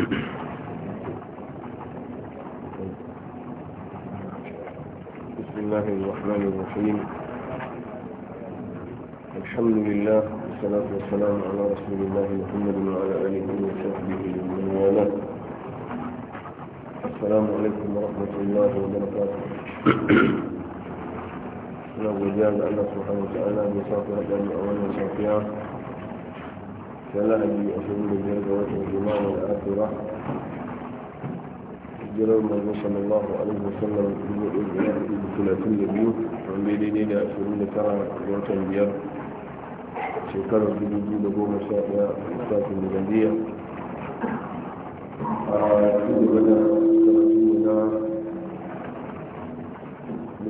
بسم الله الرحمن الرحيم الحمد لله والصلاة والسلام على رسول الله محمد وعلى آله وصحبه ومن والاه السلام عليكم ورحمة الله وبركاته نقول جاز الله سبحانه وتعالى مسافر الأول والصافيات ثلاثة أشهر بيرجع الإمام الآخرة jirar manzo sallallahu alaihi wasallam dubu ɗaya da talatin da biyu wanda daidai da ashirin da tara ga watan biyar shekarar dubu biyu da goma sha ɗaya lissafin miladiya a cikin gada karatu na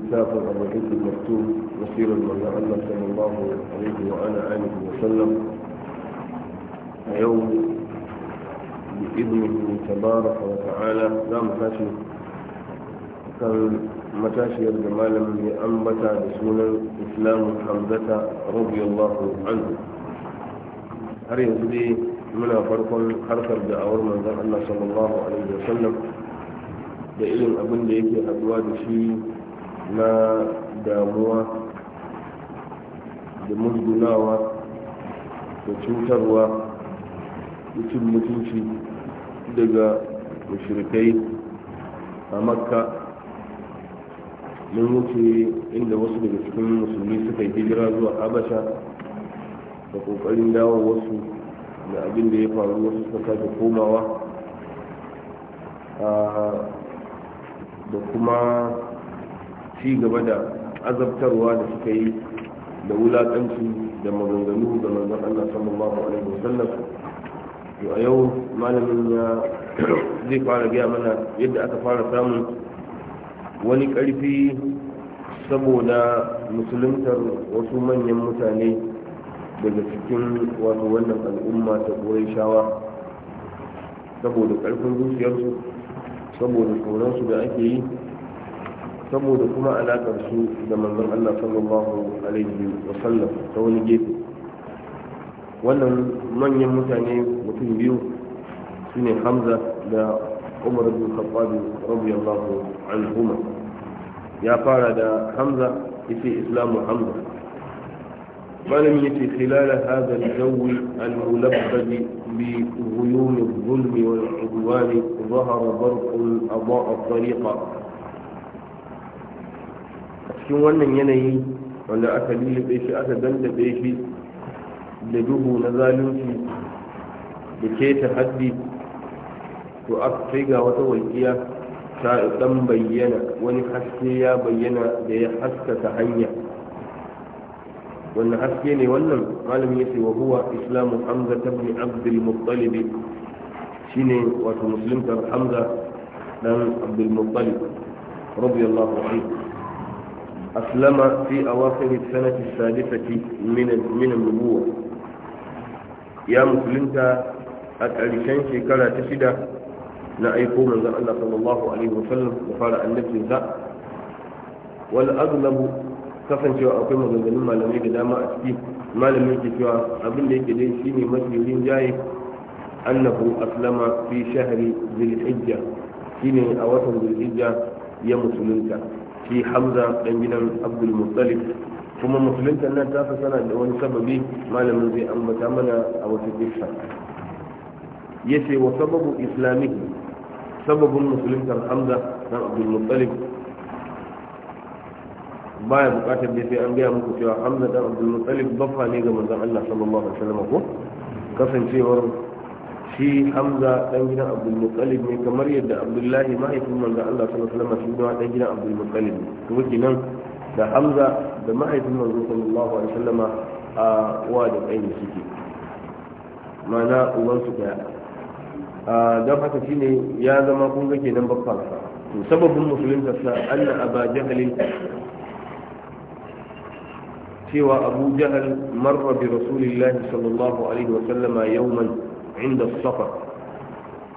littafin abu hikin maktum wasirar manzo allah sallallahu alaihi wa ana alihi wa sallam a yau da izinin tabarar wata'ala za mu tashi kan matashiyar da malamin ya ambata da sunan islamun hamzata rabiyallahu anhu har yanzu dai muna farkon harkar da awar manzan Allah sallallahu alaihi wasallam da irin abin da yake haduwa da shi na damuwa da musgunawa da cutarwa cin mutunci daga mashirikai a makka mun wuce inda wasu daga cikin musulmi suka yi hijira zuwa habasha da kokarin dawo wasu da abin da ya faru wasu suka sake komawa da kuma ci gaba da azabtarwa da suka yi da wulaƙanci da maganganu da manzon Allah sallallahu alaihi wasallam to a yau malamin ya zai fara gaya mana yadda aka fara samun wani karfi saboda musuluntar wasu manyan mutane daga cikin wato wannan al'umma ta koyon shawa saboda karfin zuciyarsu saboda tsoronsu da ake yi saboda kuma alaƙar da manzon Allah sallallahu alaihi wa sallam ta wani gefe wannan manyan mutane mutum biyu shine hamza da umar bin khattabi radiyallahu anhuma ya fara da hamza yace islamu hamza malamin yace khilala hadha al-jawi al-mulabbad bi ghuyum al-zulm wal 'udwan dhahara barq al-adaa al-tariqa cikin wannan yanayi wanda aka lullube shi aka dandabe shi da duhu na zalunci da ke ta haddi to aka kai ga wata walƙiya ta dan bayyana wani haske ya bayyana da ya haskaka hanya wannan haske ne wannan malami ya ce wa huwa islamu hamza ibn abdul muttalib shine wato musulunta hamza dan abdul muttalib radiyallahu anhu أسلم في أواخر السنة السادسة من من النبوة يا مسلمتا a ƙarshen shekara ta shida na aiko manzon Allah sallallahu alaihi wasallam da fara annabcin za wal aglabu kasancewa akwai maganganun malamai da dama a ciki malamin ke cewa abin da yake dai shine mafi rinjaye annahu aslama fi shahri dhulhijja shine a watan dhulhijja ya musulunta shi hamza dan gidan abdul muttalib kuma musulunta nan ta fi sana da wani sababi malamin zai ambata mana a wata kirsa yace wa sababu islamihi sababin musulunta hamza na abdulmuttalib baya bukatar da sai an gaya muku cewa hamza da abdulmuttalib baffa ne ga manzon Allah sallallahu alaihi wasallam ko kasancewar shi hamza dan gidan abdulmuttalib ne kamar yadda abdullahi mahaifin manzon Allah sallallahu alaihi wasallam shi ma dan gidan abdulmuttalib ne kuma kenan da hamza da mahaifin manzon sallallahu alaihi wasallam a wa da kai suke mana uban su daya don haka shine ya zama kun ga kenan babban to sababin musulunta sa allah aba jahalin cewa abu jahal marra bi rasulillahi sallallahu alaihi wa sallama yawman inda safa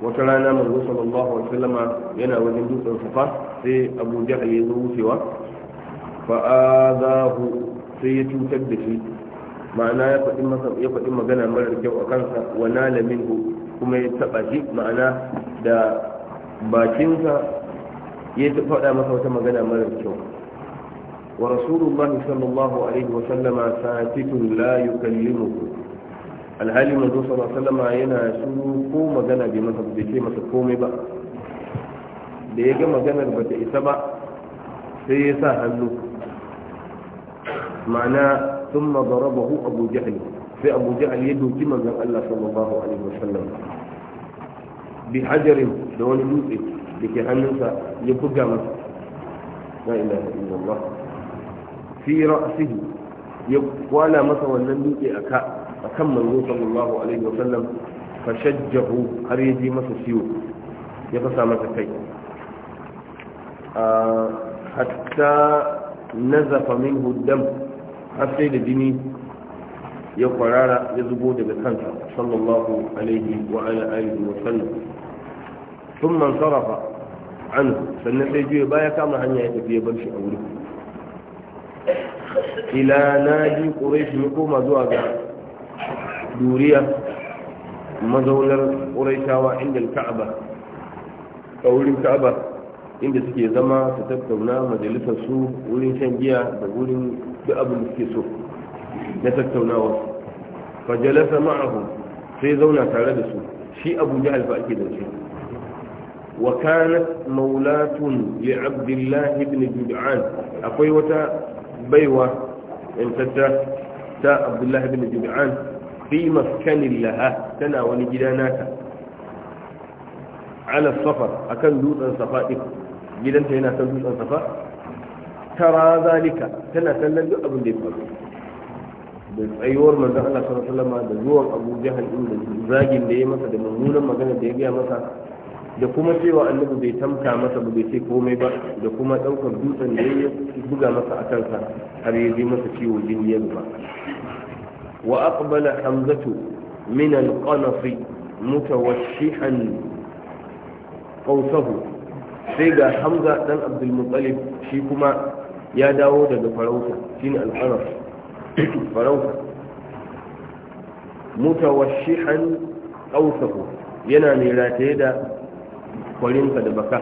wata rana manzo sallallahu alaihi wa sallama yana wajen dutsen safa sai abu jahal ya zo wucewa fa azahu sai ya cutar da shi ma'ana ya faɗi masa ya faɗi magana marar kyau a kansa wa nala minhu kuma ya taba shi ma'ana da bakinsa ya ta faɗa masa wata magana mara kyau wa rasulullahi sallallahu alaihi wa sallama satitun la yukallimuhu alhali manzo sallallahu alaihi wa yana shiru ko magana bai masa bai ce masa komai ba da ya ga maganar ba ta isa ba sai ya sa hannu ma'ana sun mazarabahu abu jahli sai abu jahal ya doki manzon Allah sallallahu alaihi wasallam bi hajarin da wani dutse da ke hannunsa ya buga masa la ilaha illallah fi ra'sihi ya kwala masa wannan dutse a ka akan manzo sallallahu alaihi wasallam fa shajjahu har ya ji masa ciwo ya fasa masa kai hatta nazafa minhu dam har sai da jini ya kwarara ya zubo daga kansa sallallahu alaihi wa ala alihi wa sallam sun man sarrafa an sannan sai juya baya kama hanya ya tafi ya bar shi a wuri ila naji quraish mu koma zuwa ga duriya mazaunar quraishawa inda kaaba a wurin ka'aba inda suke zama su tattauna majalisar su wurin shan giya da wurin duk abin da suke so na tattaunawa fa jalasa ma'ahu sai zauna tare da su shi abu jahal fa ake zance wa kanat maulatun li abdullahi ibn jud'an akwai wata baiwa in tatta ta abdullahi ibn jud'an fi maskanin laha tana wani gida nata ala safar akan dutsen safa din gidanta yana kan dutsen safa tara zalika tana kallon duk abin da ya faru da tsayuwar manzon Allah sallallahu alaihi wasallam da zuwan Abu Jahal din da zagin da ya masa da mummunan magana da ya gaya masa da kuma cewa annabi bai tamka masa ba bai ce komai ba da kuma daukar dutsen da ya buga masa a kansa har ya ji masa ciwo jini ya ba wa aqbala hamzatu min al-qanfi mutawashshihan qawsahu sai ga hamza dan abdul muttalib shi kuma ya dawo daga farauta shine al-qanfi farauta mutawashihan ƙausaku yana mai rataye da kwarinsa da baka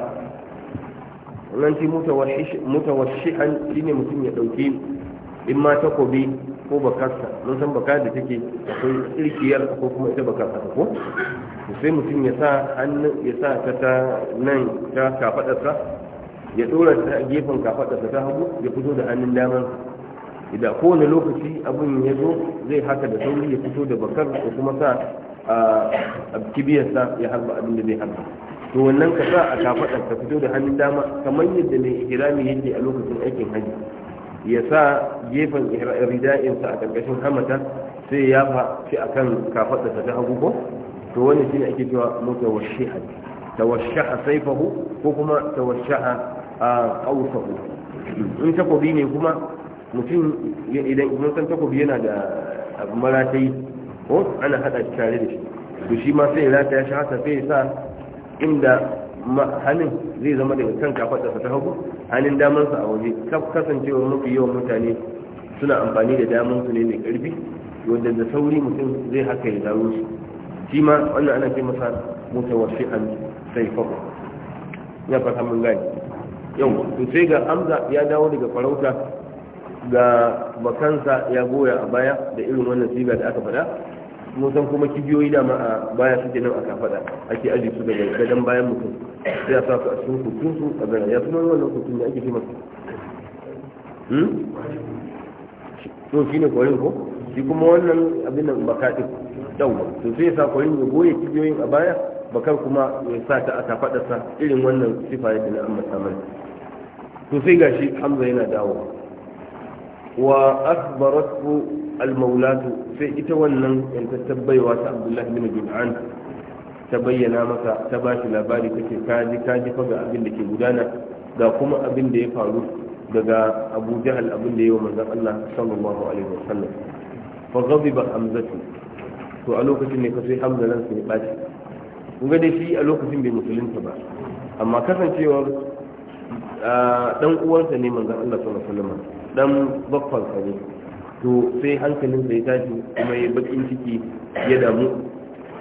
wannan ce mutawashihan shine mutum ya ɗauki in ma takobi ko bakarsa mun san baka da take akwai tsirkiyar ko kuma ita bakar haka ko sai mutum ya sa hannun ya sa ta ta nan ta kafadarsa ya dora ta gefen kafadarsa ta hagu ya fito da hannun damansa idan kowane lokaci abin ya zo zai haka da sauri ya fito da bakar Ko kuma sa a kibiyarsa ya harba abin da zai harba to wannan ka sa a kafaɗar ka fito da hannun dama kamar yadda mai ihrami yake a lokacin aikin hajji ya sa gefen rida'insa a ƙarƙashin hamata sai ya fa shi akan kafaɗarsa ta hagu ko to wani shine ake cewa mutawashshiha tawashshaha saifahu ko kuma a qawsahu in takobi ne kuma mutum idan mun san takobi yana da maratai ko ana hada shi tare da shi to shi ma sai rata ya shi sai ya sa inda hannun zai zama daga kan da ta hagu hannun damansa a waje kasancewa mafi yawan mutane suna amfani da damansu ne mai karfi wanda da sauri mutum zai haka ya zaro shi shi ma wannan ana kai masa mutawashi'an sai fago ya fata mun gani yau to sai ga amza ya dawo daga farauta ga makansa ya goya a baya da irin wannan siga da aka fada, mun san kuma kibiyoyi dama a baya suke nan aka fada ake aji su daga gadon bayan mutum sai ya sa su a cikin hutun su a zana ya kuma wannan hutun da ake fi masa hmm? to shi ne kwarin ko shi kuma wannan abin nan baka ɗin yawwa to sai ya sa kwarin ya goya kibiyoyin a baya bakar kuma ya sa ta fada sa irin wannan sifa da na amma samar to sai gashi hamza yana dawowa wa akhbaratu almawlatu sai ita wannan in ta tabbaiwa ta abdullah bin jul'an ta bayyana masa ta ba shi labari take kaji kaji fa ga abin da ke gudana ga kuma abin da ya faru daga abu jahal abin da yi wa manzon allah sallallahu alaihi wasallam fa ghadiba hamzatu to a lokacin ne kafin hamza nan sai ya baci kun ga dai shi a lokacin bai musulunta ba amma kasancewar dan ah, uwansa ne manzon allah sallallahu alaihi wasallam dan baffan ne to sai hankalin sai tashi kuma ya bakin ciki ya damu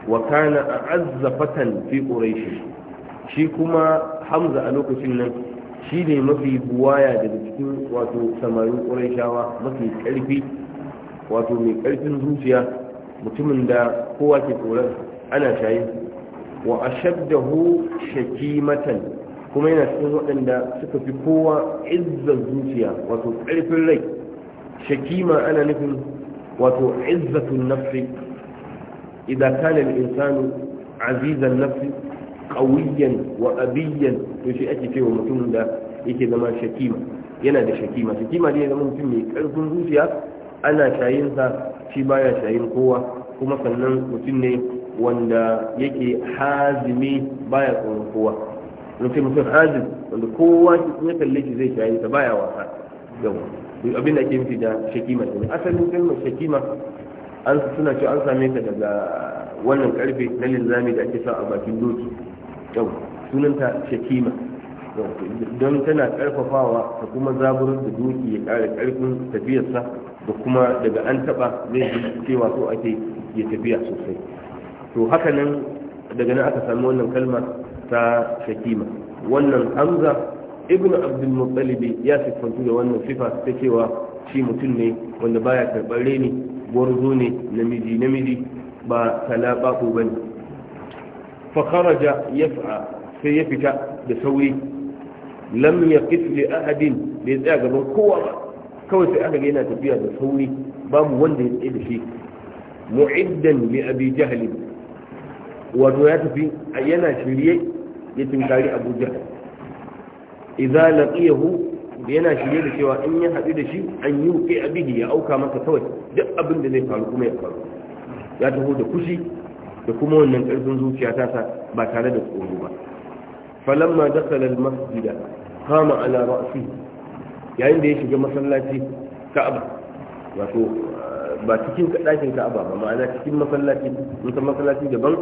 wa kana a'azza fatan fi quraish shi kuma hamza a lokacin nan shi ne mafi buwaya daga cikin wato samari qurayshawa mafi karfi wato mai ƙarfin zuciya mutumin da kowa ke tsoron ana shayin wa ashaddahu shakimatan kuma yana cikin waɗanda suka fi kowa izzar zuciya wato ƙarfin rai shakima ana nufin wato izzatun nafsi idan kana insanu azizan nafsi ƙawiyyan wa abiyan to shi ake cewa mutumin da yake zama shakima yana da shakima shakima ne zama mutum mai ƙarfin zuciya ana shayinsa shi baya shayin kowa kuma sannan mutum ne wanda yake hazimi baya tsoron kowa lokacin mutum hajin wanda kowa ya kalle shi zai shayi ta baya wasa yawa duk abin da ake nufi da shakima ne asalin kalmar shakima an suna cewa an same ta daga wannan karfe na linzami da ake sa a bakin doki yawa sunanta shakima don tana karfafawa ta kuma zaburar da doki ya kara karfin tafiyarsa da kuma daga an taba zai cewa so ake ya tafiya sosai to haka nan daga nan aka samu wannan kalma ta shakima wannan hamza ibnu abdul muttalibi ya siffantu da wannan sifa ta cewa shi mutum ne wanda baya karɓar reni gwarzo ne namiji namiji ba talaɓaɓo ba ne fakaraja ya sai ya fita da sauri lam ya kisle ahadin bai tsaya gaban kowa ba kawai sai aka yana tafiya da sauri babu wanda ya tsaye da shi mu'iddan li abi jahalin wato ya tafi yana shirye ya tinkari Abuja jahal idza laqiyahu yana shirye da cewa in ya haɗu da shi an yi wuƙe abihi ya auka masa kawai duk abin da zai faru kuma ya faru ya taho da kushi da kuma wannan ƙarfin zuciya ta sa ba tare da tsoro ba falamma dakhala almasjida qama ala ra'si yayin da ya shiga masallaci ka'aba wato ba cikin ɗakin ka'aba ba ma'ana cikin masallaci mutum masallaci daban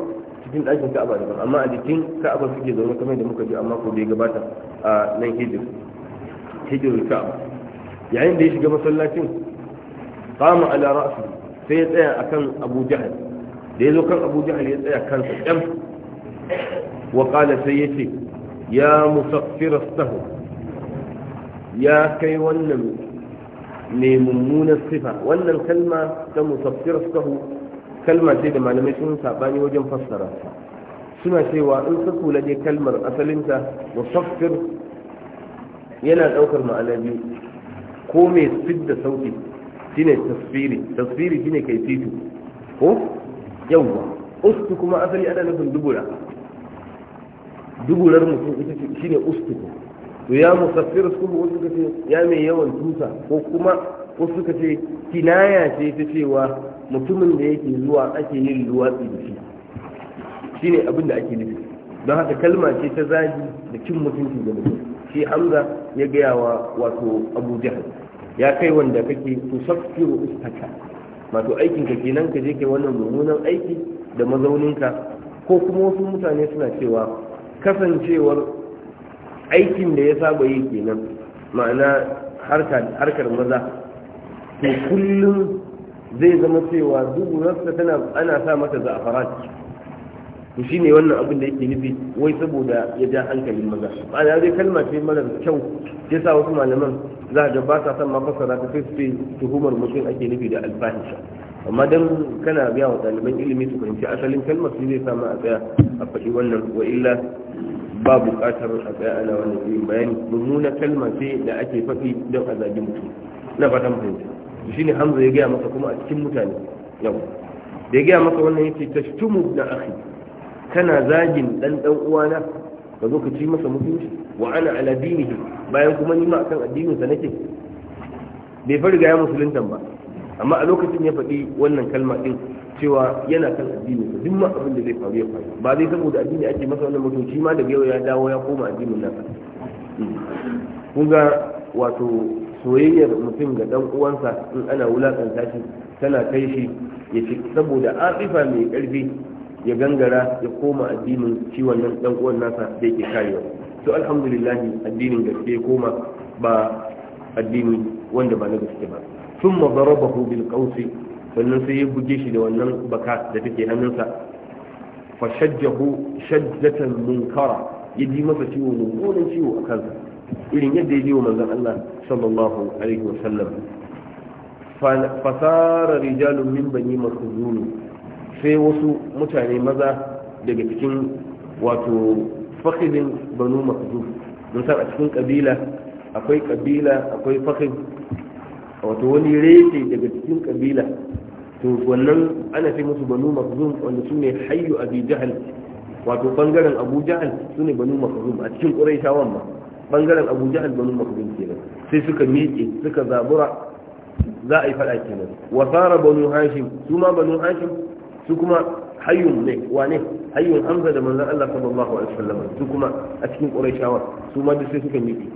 cikin ɗakin ka'aba daban amma a jikin ka'aba suke zaune kamar da muka ji amma ko bai gabata a nan hijir hijirul ka'aba yayin da ya shiga masallacin kama ala ra'si sai ya tsaya akan Abu Jahal da ya zo kan Abu Jahal ya tsaya kansa kyam wa qala sai ya ce ya musaffir astahu ya kai wannan mai mummunan sifa wannan kalma ta musaffir astahu kalmar sai da malamai sun sabani wajen fassara suna cewa in ka kula dai kalmar asalinta musaffir yana daukar ma'ana biyu ko mai fidda sauti shine tasfiri tasfiri shine kai fito ko yawwa ustu kuma asali ana nufin dubura duburar mutum ita ce shine ustu to ya musaffir su kuma wasu kace ya mai yawan tusa ko kuma wasu kace kinaya ce ta cewa mutumin da yake zuwa ake yin luwatsi da shi shine abin da ake nufi don haka kalma ce ta zagi da cin mutunci da mutum shi hamza ya gaya wa wato abu jahal ya kai wanda kake tusaffiru istaka wato aikin ka kenan ka je kai wannan mummunan aiki da mazauninka ko kuma wasu mutane suna cewa kasancewar aikin da ya saba yi kenan ma'ana harkar maza to kullum zai zama cewa duburarsa tana ana sa mata za'afarat to shine wannan abin da yake nufi wai saboda ya ja hankalin maza ma'ana dai kalma ce mara kyau sa wasu malaman za ga ba sa son mafasara ta sai su tuhumar mutum ake nufi da alfahisha amma dan kana biya wa ɗaliban ilimi su fahimci asalin kalmar su zai samu a tsaya a faɗi wannan wa illa ba buƙatar a tsaya ana wannan irin bayani mummuna kalma ce da ake faɗi don a zagi mutum na fatan fahimta shine hamza ya gaya masa kuma a cikin mutane yau da ya gaya masa wannan yace tashtumu na akhi kana zagin dan dan uwana ka zo ka ci masa mutunci wa ana ala dinihi bayan kuma ni ma akan addinin sa nake bai fara ya musulunta ba amma a lokacin ya faɗi wannan kalma din cewa yana kan addinin sa duk ma abin da zai faru ya faru ba zai saboda addini ake masa wannan mutunci ma daga yau ya dawo ya koma addinin nasa hmm. kun ga wato soyayyar mutum ga dan uwansa in ana wulakanta shi tana kai shi ya ci saboda afifa mai karfi ya gangara ya koma addinin shi wannan dan uwan nasa da yake karewa to alhamdulillah addinin gaske koma ba addini wanda ba na gaske ba thumma darabahu bil qawsi sannan sai ya buge shi da wannan baka da take hannunsa fa shajjahu shajjatan munkara ya ji masa ciwo mummunan ciwo a kansa irin yadda ya wa manzon Allah sallallahu alaihi wasallam fasara rijalun min bani makhzulu sai wasu mutane maza daga cikin wato fakhidin banu makhzul don san a cikin kabila akwai kabila akwai fakhid wato wani reshe daga cikin kabila to wannan ana sai musu banu makhzum wanda su ne hayyu abi jahal wato bangaren abu jahal su ne banu makhzum a cikin ƙurai quraishawan ma bangaren abu jahal banu ke nan sai suka miƙe suka zabura za a yi fada kenan wa sara banu hashim su ma banu hashim su kuma hayyun ne wane hayyun hamza da manzon Allah sallallahu alaihi wasallam su kuma a cikin quraishawa su ma duk sai suka miƙe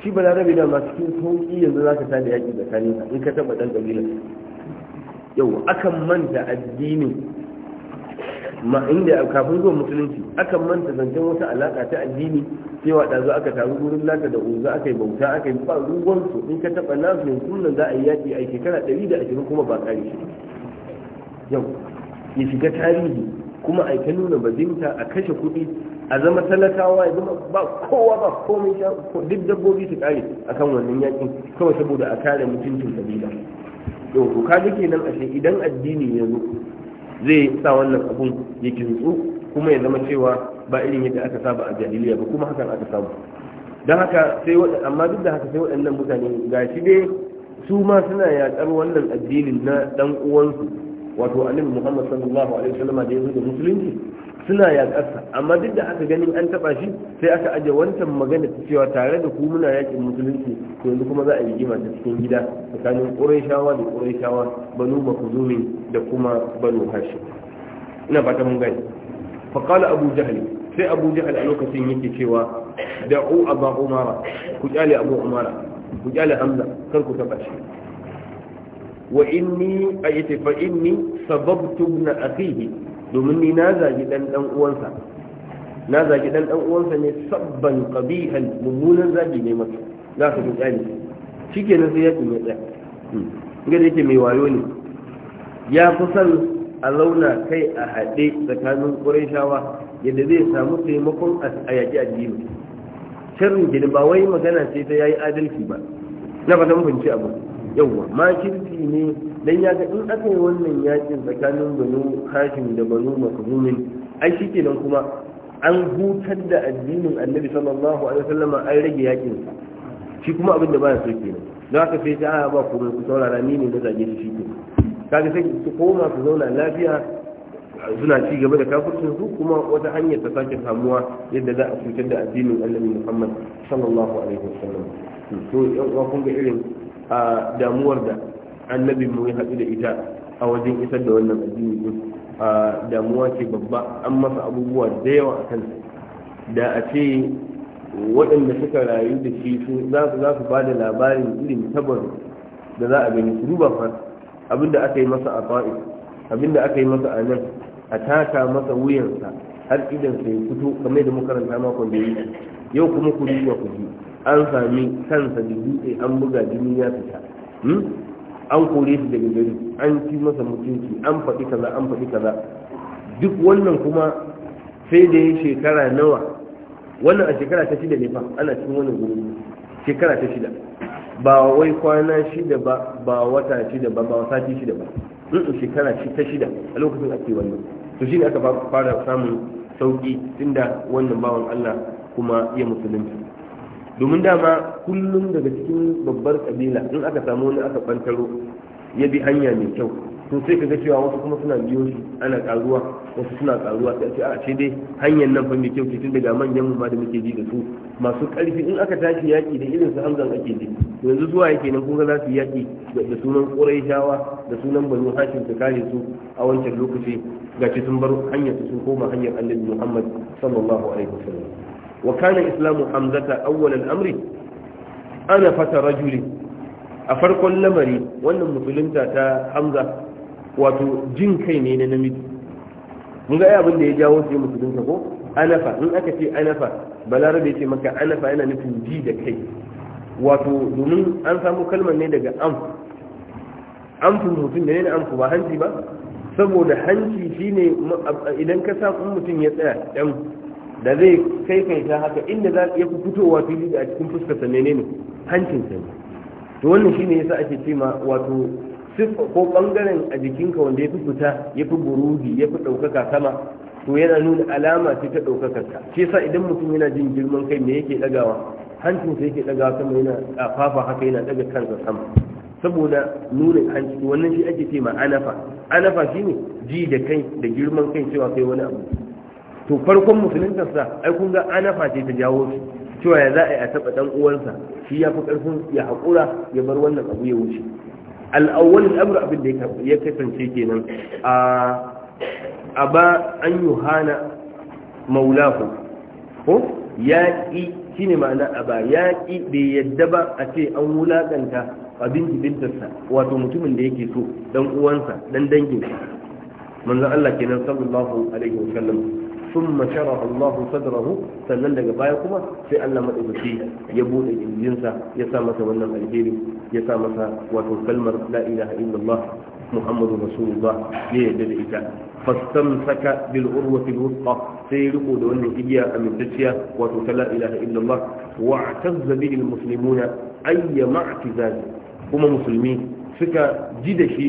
shi balarabe da ma cikin sauƙi yanzu za ka tada yaki tsakanin in ka taɓa ɗan kabila yau akan manta addinin ma inda kafin zuwa musulunci akan manta zancen wata alaka ta addini cewa da zo aka taru gurin laka da uza aka yi bauta aka yi ba ruwan su in ka taba nasu ne sunan za a yi yaki a shekara ɗari da ashirin kuma ba kare shi yau ya shiga tarihi kuma a ta nuna bazinta a kashe kuɗi a zama talakawa ya zama ba kowa ba komai sha duk dabbobi su kare akan wannan yakin kawai saboda a kare mutuncin kabila yau to kaga kenan ashe idan addini ya zo zai sa wannan abun ya kintsu kuma ya zama cewa ba irin yadda aka saba a jahiliya ba kuma hakan aka samu don haka sai waɗanda amma duk da haka sai waɗannan mutane ga shi dai su ma suna yaƙar wannan addinin na ɗan uwansu wato annabi muhammad sallallahu alaihi wasallam da ya zo da musulunci suna yaƙarsa amma duk da aka ganin an taɓa shi sai aka aje wancan magana ta cewa tare da ku muna yaƙin musulunci to yanzu kuma za a rigima ta cikin gida tsakanin ƙurayshawa da ƙurayshawa banu makhzumi da kuma banu hashim ina fata mun gani fa qala abu jahl sai abu jahl a lokacin yake cewa da'u aba umara ku kyale abu umara ku kyale hamza kar ku taɓa shi wa inni ayati fa inni sababtu ibn akhihi domin ni na zagi dan dan uwansa na zagi dan dan uwansa ne sabban qabihan mummunan zagi ne mata za ka tsani shikenan sai ya kuma tsaya hmm. ga da yake mai wayo ne ya fi son a launa kai a haɗe tsakanin shawa yadda zai samu taimakon a yaƙi addini sharrin gidan ba wai magana ce ta yayi adalci ba na mun fahimci abu yawwa makirci ne dan ya ga in aka yi wannan yakin tsakanin banu hashim da banu makzumin ai shikenan kuma an hutar da addinin annabi sallallahu alaihi wasallam an rage yakin shi kuma abin da baya so kenan don haka sai ta ba ku ku saurara ni ne na zage shi kenan kaga sai ku koma ku zauna lafiya suna ci gaba da kafircin su kuma wata hanyar ta sake samuwa yadda za a cutar da addinin annabi muhammad sallallahu alaihi wasallam to yan uwa kun ga irin a damuwar da annabi mu ya haɗu da ita a wajen isar da wannan addini din a damuwa ce babba an masa abubuwa da yawa a kan da a ce waɗanda suka rayu da shi su za su za su ba da labarin irin tabar da za a gani su duba fa abinda aka yi masa a abin abinda aka yi masa a nan a taka masa wuyansa har idan sai fito kamar da muka makon da yau kuma ku duba ku ji an sami kansa da dutse an buga jini ya fita hmm? an kore shi daga gari an ci masa mutunci an faɗi kaza an faɗi kaza duk wannan kuma sai da ya shekara nawa wannan a shekara ta shida ne fa ana cikin wannan gurbi shekara ta shida ba wai kwana shida ba ba wata shida ba ba sati shida ba in hmm, shekara ta shida a lokacin ake wannan to shine aka fara samun sauki tunda wannan bawan Allah kuma ya musulunci domin dama kullum daga cikin babbar kabila in aka samu wani aka bantaro ya bi hanya mai kyau to sai ka ga cewa wasu kuma suna biyo shi ana karuwa wasu suna karuwa sai ce a ce dai hanyar nan fa mai kyau ce daga manyan mu ma da muke ji da su masu karfi in aka tashi yaki da irin su hamzan ake ji to yanzu zuwa yake nan kun ga za su yaki da sunan shawa da sunan banu hashim ta kare su a wancan lokaci gashi sun bar hanyar su sun koma hanyar annabi muhammad sallallahu alaihi wasallam wa kana islamu hamzata awwalal amri ana fata rajuli a farkon lamari wannan musulunta ta hamza wato jin kai ne na namiji mun ga abin da ya jawo shi musulunta ko anafa in aka ce anafa balarabe ce maka anafa yana nufin ji da kai wato domin an samu kalmar ne daga amfu amfu mutum da ne amfu ba hanci ba saboda hanci shine idan ka sa mutum ya tsaya dan da zai kai kai ta haka inda za ya fi fitowa fili da a cikin sa menene hancinsa ne to wannan shine yasa ake ce ma wato siffa ko bangaren a jikinka wanda ya fi fita ya fi buruhi ya fi ɗaukaka sama to yana nuna alama ce ta ka shi yasa idan mutum yana jin girman kai me yake ɗagawa hancinsa yake ɗagawa sama yana ƙafafa haka yana ɗaga kansa sama saboda nuna hancin wannan shi ake ce ma anafa anafa shine ji da kai da girman kai cewa kai wani abu to farkon sa, ai kun ga anafa ce ta jawo su cewa ya za a yi a taɓa ɗan uwansa shi ya fi ƙarfin ya haƙura ya bar wannan abu ya wuce al'awwal al'amur abin da ya kasance kenan a ba an yohana maulahu ko ya ƙi shi ma'ana a ba ya ƙi da yadda ba a ce an wulaƙanta abin jibintarsa wato mutumin da yake so ɗan uwansa ɗan danginsa manzan Allah kenan sallallahu alaihi wasallam sun mashara Allahu sadrahu sannan daga baya kuma sai Allah madaukaki ya bude injinsa ya sa masa wannan alheri ya sa masa wato kalmar la ilaha illallah muhammadu rasulullah ya yadda da ita fastamsaka bil urwati al sai riko da wannan igiya amintacciya wato ta la ilaha illallah wa tazza bihi al muslimuna ayya kuma musulmi suka ji da shi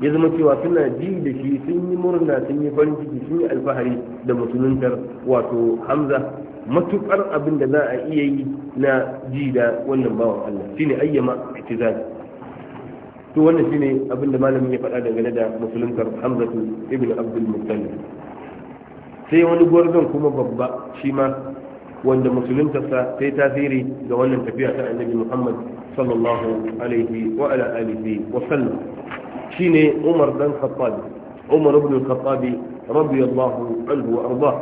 ya zama cewa suna ji da shi sun yi murna sun yi farin ciki sun yi alfahari da musuluntar wato hamza matukar abin da za a iya yi na ji da wannan bawan allah shine ayyama ihtizaz to wannan shine abin da malamin ya faɗa dangane da musuluntar hamza ibn abdul muttalib sai wani gwarzon kuma babba shi ma wanda musuluntarsa yi tasiri ga wannan tafiya ta annabi muhammad sallallahu alaihi wa ala alihi wa sallam شيني عمر بن الخطاب عمر بن الخطاب رضي الله عنه وارضاه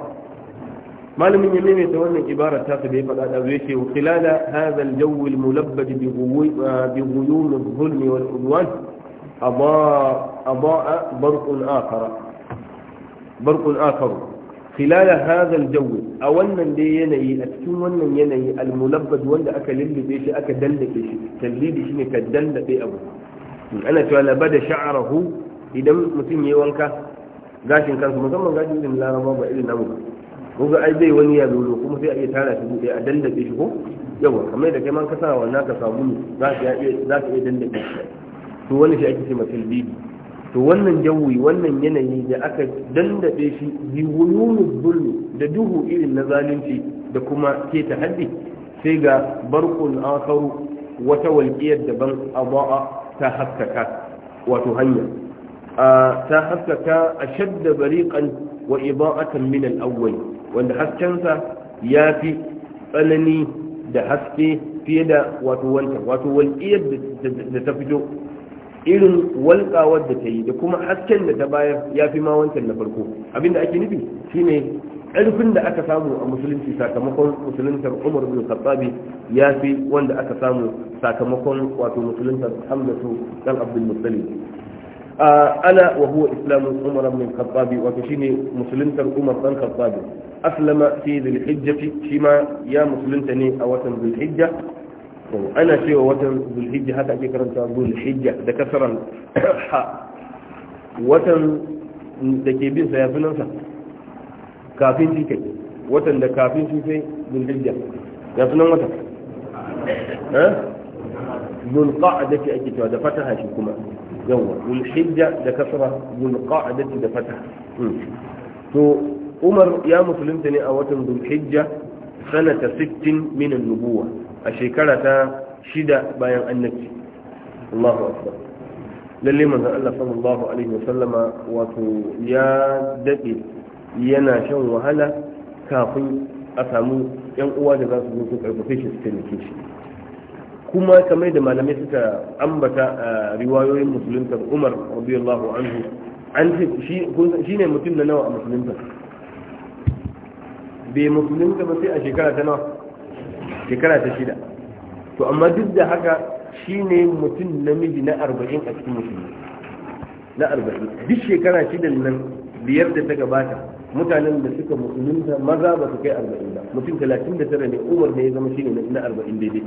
ما لم يمين يتولى عبارة تاقب هذا ويشي وخلال هذا الجو الملبد بغيوم الظلم والعدوان أضاء, أضاء برق آخر برق آخر خلال هذا الجو أولا دي يني أتكون يني الملبد وانا أكل اللي بيش أكدل بيش تلليد شنو كدل بي أبو ana cewa laba da sha'arahu idan mutum ya wanka gashin kansa musamman gashin irin laraba ba irin namu ba ko ga ai bai wani ya lolo kuma sai a iya tara shi buɗe a dandabe shi ko yawa kamar da kai man ka sa wannan ka sabulu za ka iya za ka iya dandabe shi to wannan shi ake ce matil bibi to wannan jawi wannan yanayi da aka dandabe shi bi wuyunu zulmi da duhu irin na zalunci da kuma ke ta haddi sai ga barkun akaru wata walƙiyar daban a ba'a ta haskaka wato hanya ta haskaka ashadda bariƙan, wa iba'atan min al-awwal wanda haskensa ya fi tsanani da haske fiye da wato wanta wato walƙiyar da ta fito irin walƙawar da ta yi da kuma hasken da ta bayar ya fi ma wancan na farko abinda ake nufi shine ƙarfin da aka samu a musulunci sakamakon musuluntar umar bin khattabi ya fi wanda aka samu sakamakon wato musuluntar hamdatu dan abdul muttalib ana wa huwa islamu umar bin khattabi wato shine musuluntar umar dan khattabi aslama fi dhil hijjati shi ma ya musulunta ne a watan dhil hijja ana cewa watan dhil hijja haka ake karanta dhil hijja da kasaran ha watan da ke bin sa ya sunansa kafin shi kai watan da kafin shi sai zulhijja ya sunan wata eh? zulqa'ada ce ake cewa da fataha shi kuma yawa zulhijja da kasra zulqa'ada da fataha hmm. to umar ya musulunta ne a watan zulhijja sanata 60 min an-nubuwa a shekara ta shida bayan annabi Allahu akbar lalle manzon Allah sallallahu alaihi wasallama wato ya dade yana shan wahala kafin a samu yan uwa da za su zo su karfafe shi su taimake shi kuma kamar da malamai suka ambata a riwayoyin musulunta umar radiyallahu anhu an ce shi ne mutum na nawa a musulunta bai musulunta ba sai a shekara ta nawa shekara ta shida to amma duk da haka shi ne mutum namiji na arba'in a cikin musulunta na arba'in duk shekara shidan nan biyar da ta gabata mutanen da suka musulunta maza ba su kai arba'in ba mutum talatin da tara ne umar ne ya zama shi ne na arba'in daidai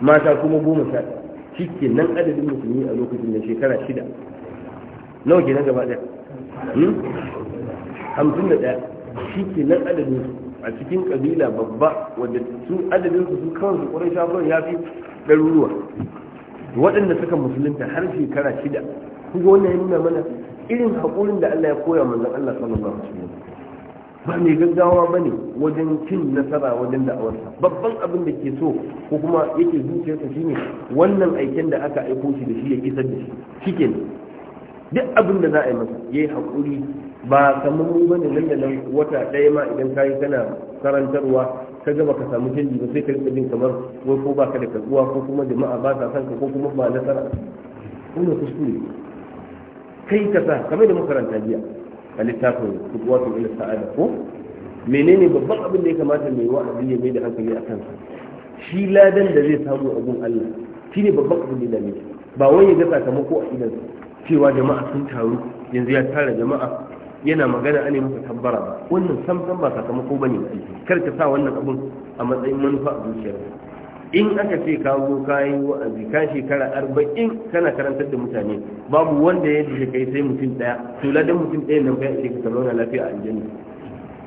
mata kuma goma sha shi ke nan adadin musulmi a lokacin da shekara shida nawa ke nan gaba ɗaya hmm? hamsin da ɗaya shi ke nan adadin a cikin ƙabila babba wadda su adadin su su kansu ƙwarar shafuwan ya fi ɗaruruwa waɗanda suka musulunta har shekara shida kuma wannan ya nuna mana irin haƙurin da Allah ya koya manzan Allah sallallahu alaihi wasallam ba mai gaggawa ba ne wajen cin nasara wajen da'awarsa babban abin da ke so ko kuma yake zuciyarsa shine wannan aikin da aka aiko shi da shi ya isar da shi shike duk abin da za a yi masa ya yi haƙuri ba kamar mu bane lallalan wata ɗaya ma idan ka yi kana karantarwa ka gaba ka samu canji ba sai ka rika jin kamar wai ko ba ka da karɓuwa ko kuma jama'a ba sa son ka ko kuma ba nasara wannan kuskure kai ka sa kamar da makaranta jiya a littafin kutuwatun ila sa'ada ko menene babban abin da ya kamata mai wa'azi ya mai da hankali a kansa shi ladan da zai samu abin Allah shi ne babban abin da ne ba wai ya ga sakamako a idan cewa jama'a sun taru yanzu ya tara jama'a yana magana ane maka tabbara ba wannan sam sam ba sakamako bane kar ka sa wannan abun a matsayin manufa a zuciyarka in aka ce kawo ko wa'azi ka shekara arba'in kana karantar da mutane babu wanda ya jike kai sai mutum ɗaya to ladan mutum ɗaya nan bai ce ka zauna lafiya a aljanna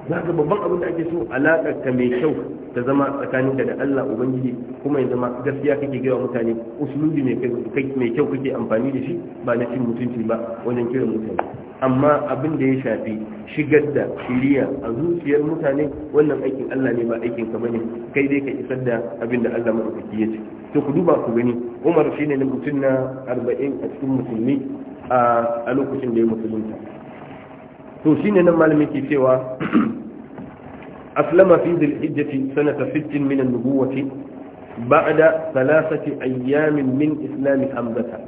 za ka babban abin da ake so alaƙar ka mai kyau ta zama tsakanin da Allah ubangiji kuma ya zama gaskiya kake gaya mutane usulubi mai kyau kake amfani da shi ba na cin mutunci ba wajen kiran mutane amma abin da ya shafi shigar da shiriya a zuciyar mutane wannan aikin Allah ne ba aikin ka bane kai dai ka isar da abin da Allah madaukaki ya ce to ku duba ku gani Umar shine na mutum na 40 a cikin musulmi a lokacin da ya musulunta to shine nan malamin ke cewa aslama fi dhil-hijjati sanata 60 min an-nubuwati ba'da thalathati ayyamin min islam hamzata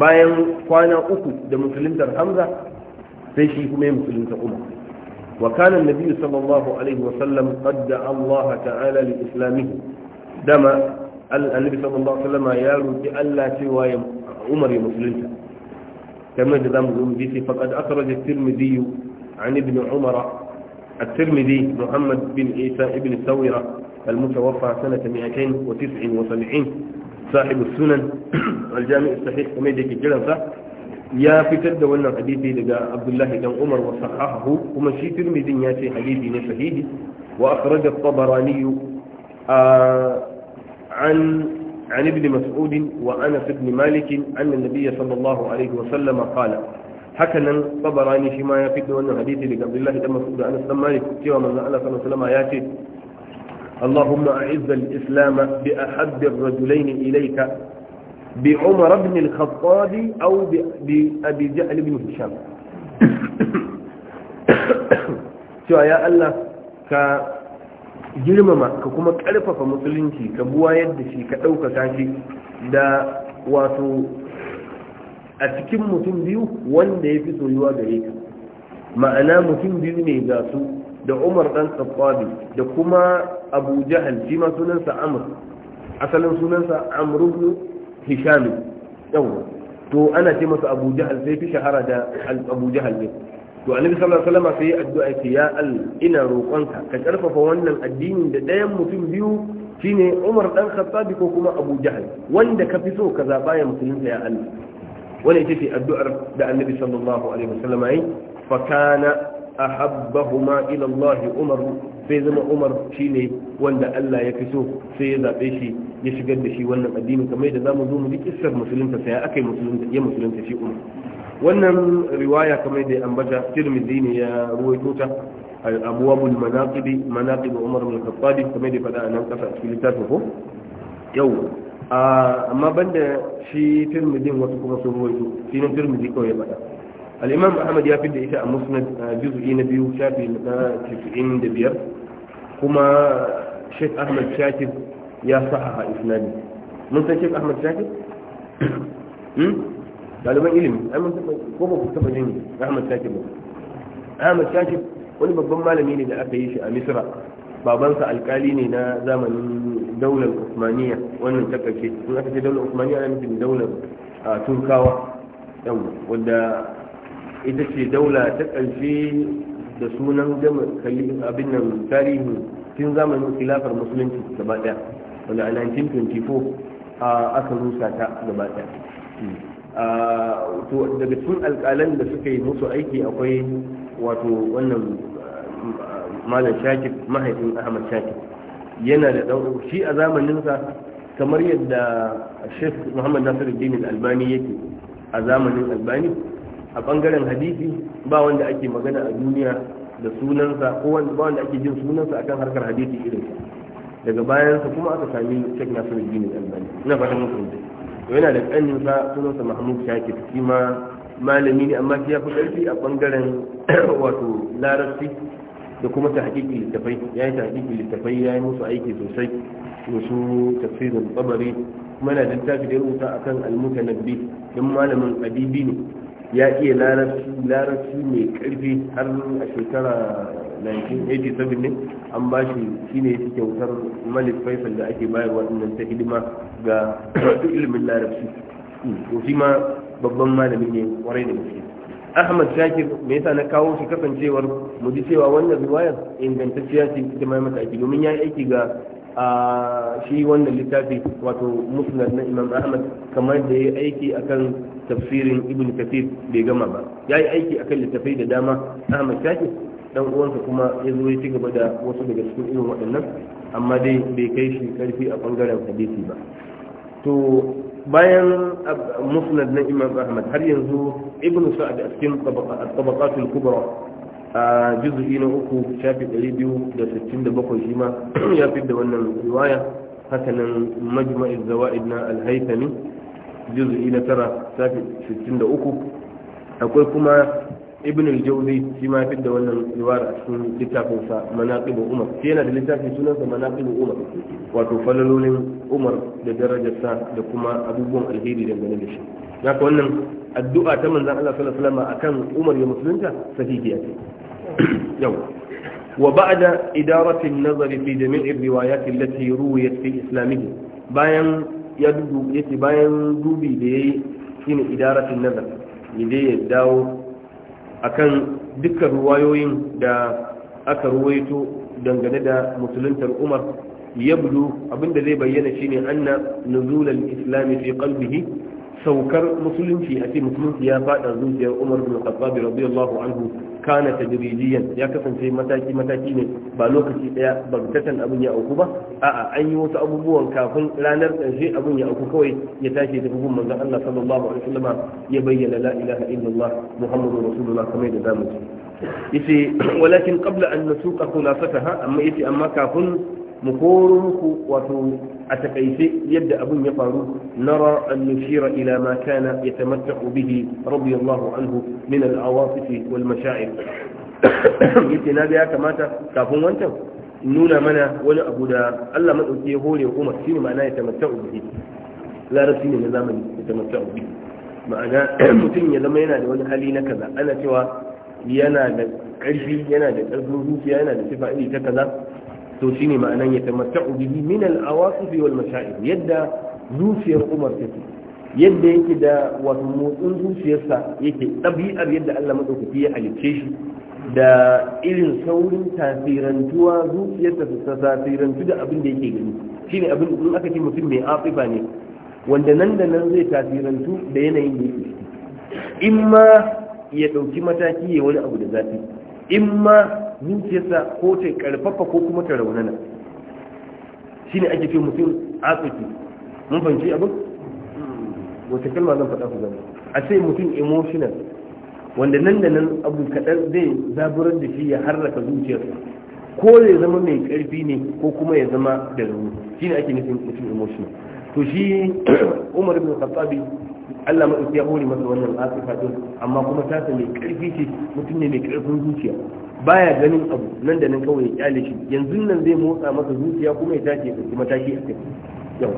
bayan kwana uku da musuluntar hamza sai shi kuma ya musulunta umar wa kana annabi sallallahu alaihi wa sallam qad Allah ta'ala li islamihi dama annabi sallallahu alaihi wa sallam ya roki Allah cewa ya umar ya musulunta kamar da zamu zo mu ji faqad akhraja at-tirmidhi an ibn umar الترمذي محمد بن عيسى ابن ثورة المتوفى سنة 279 صاحب السنن والجامع الصحيح وميدك الجلسة ya fitar da wannan hadisi daga abdullahi dan umar wa sahahu kuma shi tirmidhin ya ce hadisi ne sahihi wa akhraj at-tabarani an عن ابن مسعود وأنس بن مالك أن النبي صلى الله عليه وسلم قال هكذا طبراني فيما يفيد أن حديث لعبد الله بن مسعود أنس بن مالك سوى من الله صلى الله عليه وسلم ياتي اللهم أعز الإسلام بأحب الرجلين إليك bi umar ibn al-khattab bi abi cewa ya Allah ka girmama ka kuma karfafa musulunci ka buwa yadda shi ka ɗaukaka shi da wato a cikin mutum biyu wanda ya fi soyuwa gare ka ma'ana mutum biyu ne ga su da umar dan tsaffadi da kuma abu jahal shi ma sunansa amur asalin sunansa amur hisham to ana ce masa abu sai fi shahara da abu jahal ne to annabi sallallahu addu'a ce ya Allah ina ka karfafa wannan addinin da ɗayan mutum biyu shine Umar dan Khattabi ko kuma Abu wanda ka fi so ka zaba ya musulunta ya Allah wannan ita ce addu'ar da annabi sallallahu alaihi wasallam yayi fa kana ahabbahuma ila Allah Umar sai zama Umar shine wanda Allah ya fi so sai ya zabe shi ya shigar da shi wannan addini kamar da zamu zo mu ji kissar musulunta sai akai musulunta ya musulunta shi Umar wannan riwaya kamar da ambata Tirmidhi ne ya ruwaito ta أبواب umar مناقب عمر بن الخطاب fada يفدا أن انقطع في ko yau amma banda shi turmidin wasu kuma sun ruwaito shi ne turmidi kawai bada الإمام أحمد يابد إيساء مسند آه، جزء نبيه شافي آه، تسعين دبير كما شيخ أحمد يا يصحها إسنادي من شيخ أحمد شاكب؟ قالوا من إلم أحمد شاكب كما كتب جنجي أحمد شاكب أحمد شاكب قولي بضم مالميني لأخي إيشاء آه، مصر بابنسى الكاليني نا زمن دولة الأثمانية وأنا انتكب شيء من أخي دولة الأثمانية أنا مثل دولة تركاوة يوم ودى ita ce daula ta ƙarshe da sunan gama abin nan tarihi tun zamanin khilafar musulunci gaba ɗaya wanda a 1924 aka rusa ta gaba ɗaya to daga cikin alƙalan da suka yi musu aiki akwai wato wannan malam shakir mahaifin ahmad shakir yana da ɗan shi a zamaninsa kamar yadda shek muhammad nasiruddin albani yake a zamanin albani a bangaren hadisi ba wanda ake magana a duniya da sunansa ko ba wanda ake jin sunansa akan harkar hadisi irin daga bayansa kuma aka sami Sheikh Nasiruddin Albani ina fata mun fahimta to yana da kanin sa sunansa Mahmud Shakir shi ma malami ne amma shi ya fi karfi a bangaren wato larabci da kuma ta hakiki littafai ya yi ta hakiki littafai ya yi musu aiki sosai musu tafsirin tsabari mana littafi da ya rubuta akan almutanabbi don malamin adibi ne ya iya larabci mai karfi har a shekara 1987 ne an ba shi shine yake kyautar malik faisal da ake bayar waɗannan ta hidima ga duk ilimin larabci to shi ma babban malami ne kwarai da gaske ahmad shakir me yasa na kawo shi kasancewar mu ji cewa wannan riwayar ingantacciya ce ita mai mata aiki domin ya yi aiki ga a shi wannan littafi wato musnad na imam ahmad kamar da ya aiki akan tafsirin ibn katif bai gama ba ya yi aiki akan littafai da dama ahmad shaki dan uwansa kuma ya zo ya ci gaba da wasu daga cikin irin waɗannan amma dai bai kai shi karfi a bangaren hadisi ba to bayan musnad na imam ahmad har yanzu ibn sa'ad a cikin tabaqatul kubra a juz'i na uku shafi 267 shi ma ya fi da wannan riwaya hakanan majma'in zawa'id na alhaifani. juz'i na tara safi 63 akwai kuma ibn al-jawzi shi ma fi da wannan riwaya a cikin littafin sa manaqibu umar shi yana da littafin sunan sa manaqibu umar wato falalolin umar da darajar da kuma abubuwan alheri dangane da shi haka wannan addu'a ta manzon Allah sallallahu alaihi wasallam akan umar ya musulunta sahihiya ce yau وبعد إدارة النظر في جميع الروايات التي رويت في إسلامه bayan ya bayan dubi da yayi shine shi ne nazar ya ya dawo akan dukkan ruwayoyin da aka ruwaito dangane da musuluntar umar yabdu abinda zai bayyana shine anna nuzulal islami fi qalbihi saukar musulunci a cikin musulunci ya fada zuciyar umar bin khattab radiyallahu anhu kana tajridiyan ya kasance mataki mataki ne ba lokaci daya bagtatan abin ya auku ba a'a an yi wasu abubuwan kafin ranar ƙarshe abin ya auku kawai ya tashi da hukun manzon Allah sallallahu alaihi wasallam ya bayyana la ilaha illallah muhammadur rasulullah kamar da zamu yace walakin qabla an nasuqa khulafataha amma yace amma kafin mu koro muku wato a takaice yadda abin ya faru nara an nushira ila ma kana ya yatamattahu bihi radiyallahu anhu min al-awasif wal mashaa'ir yace na ga ya kamata kafin wancan nuna mana wani abu da Allah madauki ya hore Umar shine ma'ana ya tamatta'u bihi larabci ne na zamani ya tamatta'u bihi ma'ana mutum ya zama yana da wani hali na kaza ana cewa yana da ƙarfi yana da ƙarfin zuciya yana da sifa iri ta kaza to shine ma'anan ya tamatta'u bihi min al-awasif wal masha'ir yadda zuciyar Umar take yadda yake da wato motsin zuciyarsa yake ɗabi'ar yadda Allah madaukaki ya halicce shi da irin saurin tasirantuwa zuciyarsa ta tasirantu da abin da yake gani shine abin in aka ce mutum mai afiba ne wanda nan da nan zai tasirantu da yanayin da yake in ma ya ɗauki mataki ya wani abu da zafi in ma zuciyarsa ko ta karfafa ko kuma ta raunana shine ake ce mutum atsaki mun fahimci abin wata kalma zan faɗa ku gani a ce mutum emotional wanda nan da nan abu kaɗan zai zaburar da shi ya harraka zuciyarsa ko ya zama mai ƙarfi ne ko kuma ya zama da rauni shine ake nufin mutum emotional to shi umar ibn khattabi Allah mai ya hore masa wannan asifa din amma kuma tasa mai karfi ce mutum ne mai karfin zuciya baya ganin abu nan da nan kawai ya kyale shi yanzu nan zai motsa masa zuciya kuma ya tashi ya mataki a kai yau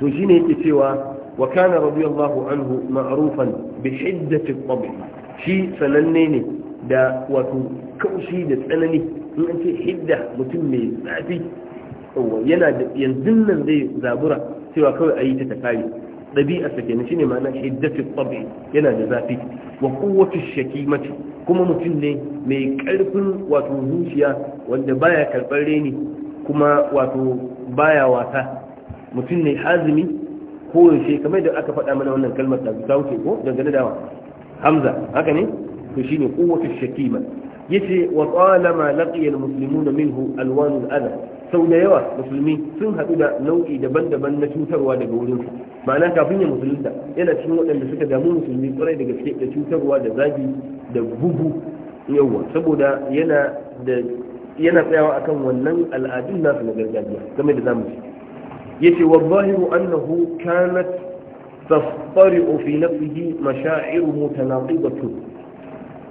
to shine yake cewa wa kana radiyallahu anhu ma'rufan bi hiddati at shi sananne ne da wato kaushi da tsanani in an ce hidda mutum mai zafi. yana da yanzu nan zai zabura cewa kawai a yi ta takari ɗabi'a sa shi shine ma'ana dafi tsabi yana da zafi wa kowace shaki mace kuma mutum ne mai karfin wato zuciya wanda baya karɓar reni kuma wato baya wasa mutum ne hazimi ko yaushe kamar da aka faɗa mana wannan kalmar da ta wuce ko dangane da hamza haka ne to shine shaki shakima yace wa ma laqiya almuslimuna minhu alwanul adab sau da yawa musulmi sun haɗu da nau'i daban-daban na cutarwa daga wurin su ma'ana kafin ya musulunta yana cikin waɗanda suka damu musulmi kwarai da gaske da cutarwa da zagi da bugu yawa saboda yana da yana tsayawa akan wannan al'adun nasu na gargajiya game da zamu yace wallahi annahu kanat tastari'u fi nafsihi masha'iru mutanaqidatu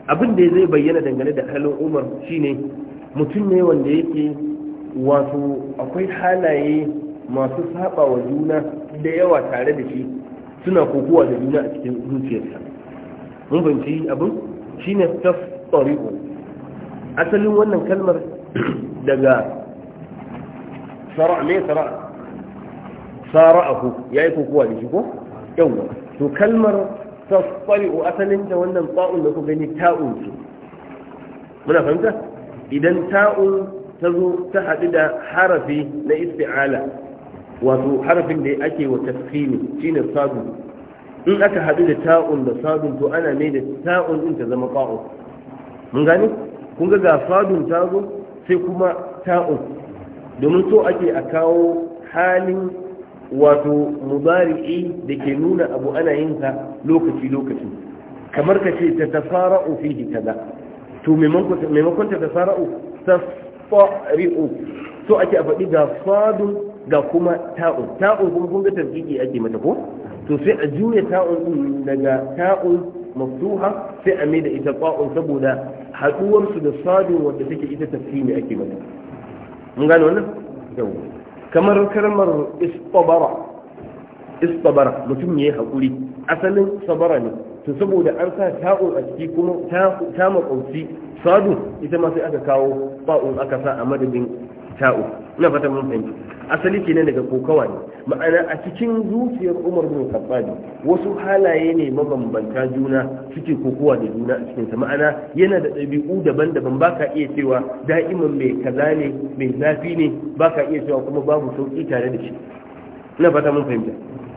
abin da zai bayyana dangane da halin Umar shine mutum ne wanda yake wato akwai halaye masu saba wa juna da yawa tare da shi suna kokowa da juna a cikin zuciyarsa mun fahimci abin shine tasariqu asalin wannan kalmar daga sara' ne sara' ya yayi kokowa da shi ko yawa to kalmar tasariqu asalin da wannan ta'un da ku gani ta'un ce muna fahimta idan ta'un ta zo ta haɗu da harafi na isti'ala wato harafin da ake wa tafsiri shine sadun in aka haɗu da ta'un da sadun to ana mai da ta'un din ta zama qa'un mun gani kun ga sadun ta zo sai kuma ta'un domin so ake a kawo halin wato mubari'i da ke nuna abu ana yin sa lokaci lokaci kamar ka ce ta tafara'u fihi kaza to maimakon ta tafara'u fari'u so ake a faɗi ga fadun ga kuma ta'un ta'un kuma kun ga tarkiki ake mata ko to sai a juya ta'un din daga ta'un maftuha sai a mai da ita ta'un saboda haduwar su da sadun wanda take ita ne ake mata mun gane wannan yau kamar karmar istabara istabara mutum yayi hakuri asalin sabara ne to saboda an sa ta'un a ciki kuma ta makauci sadu ita ma sai aka kawo ba'un aka sa a madadin ta'u ina fata mun fahimci asali kenan daga kokawa ne ma'ana a cikin zuciyar Umar bin Khattab wasu halaye ne mabambanta juna suke kokowa da juna a cikin sa ma'ana yana da ɗabi'u daban-daban baka iya cewa da'iman mai kaza ne mai zafi ne baka iya cewa kuma babu sauki tare da shi ina fata mun fahimta